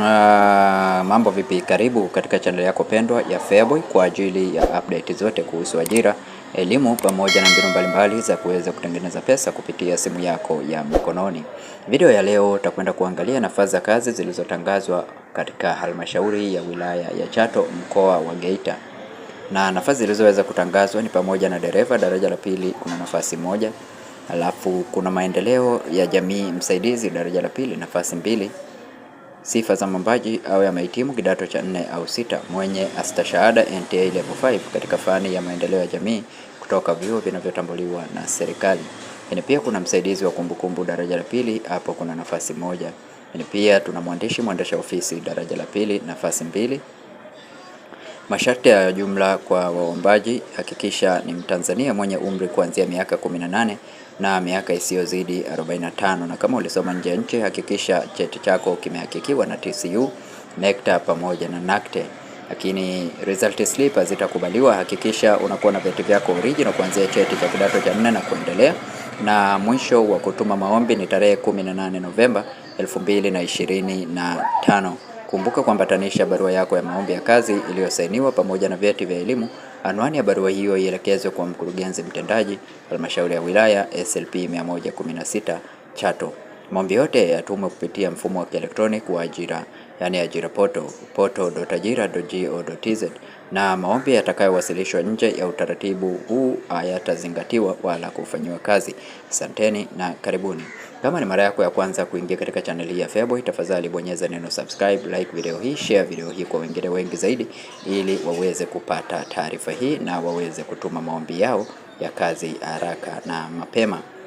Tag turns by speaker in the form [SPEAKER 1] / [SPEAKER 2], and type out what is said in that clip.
[SPEAKER 1] Uh, mambo vipi? Karibu katika chaneli yako pendwa ya Feaboy kwa ajili ya update zote kuhusu ajira, elimu pamoja na mbinu mbalimbali za kuweza kutengeneza pesa kupitia simu yako ya mkononi. Video ya leo utakwenda kuangalia nafasi za kazi zilizotangazwa katika halmashauri ya wilaya ya Chato mkoa wa Geita, na nafasi zilizoweza kutangazwa ni pamoja na dereva daraja la pili, kuna nafasi moja, alafu kuna maendeleo ya jamii msaidizi daraja la pili, nafasi mbili sifa za mwombaji au mahitimu kidato cha nne au sita mwenye astashahada NTA level 5 katika fani ya maendeleo ya jamii kutoka vyuo vinavyotambuliwa na serikali. Lakini pia kuna msaidizi wa kumbukumbu daraja la pili, hapo kuna nafasi moja. Lakini pia tuna mwandishi mwendesha ofisi daraja la pili, nafasi mbili. Masharti ya jumla kwa waombaji: hakikisha ni Mtanzania mwenye umri kuanzia miaka 18 na miaka isiyozidi 45, na kama ulisoma nje ya nchi, hakikisha cheti chako kimehakikiwa na TCU, NECTA pamoja na NACTE. Lakini result slip hazitakubaliwa, hakikisha unakuwa na vyeti vyako original kuanzia cheti cha kidato cha nne na kuendelea. Na mwisho wa kutuma maombi ni tarehe 18 Novemba 2025. Kumbuka kuambatanisha barua yako ya maombi ya kazi iliyosainiwa pamoja na vyeti vya elimu. Anwani ya barua hiyo ielekezwe kwa Mkurugenzi Mtendaji, Halmashauri ya Wilaya, SLP 116 Chato. Maombi yote yatumwe kupitia mfumo wa kielektroniki wa ajira, yani ajira poto poto.ajira.go.tz, na maombi yatakayowasilishwa nje ya utaratibu huu hayatazingatiwa wala kufanyiwa kazi. Asanteni na karibuni. Kama ni mara yako ya kwanza kuingia katika channel hii ya Feaboy, tafadhali bonyeza neno subscribe, like video hii, share video hii kwa wengine wengi zaidi, ili waweze kupata taarifa hii na waweze kutuma maombi yao ya kazi haraka na mapema.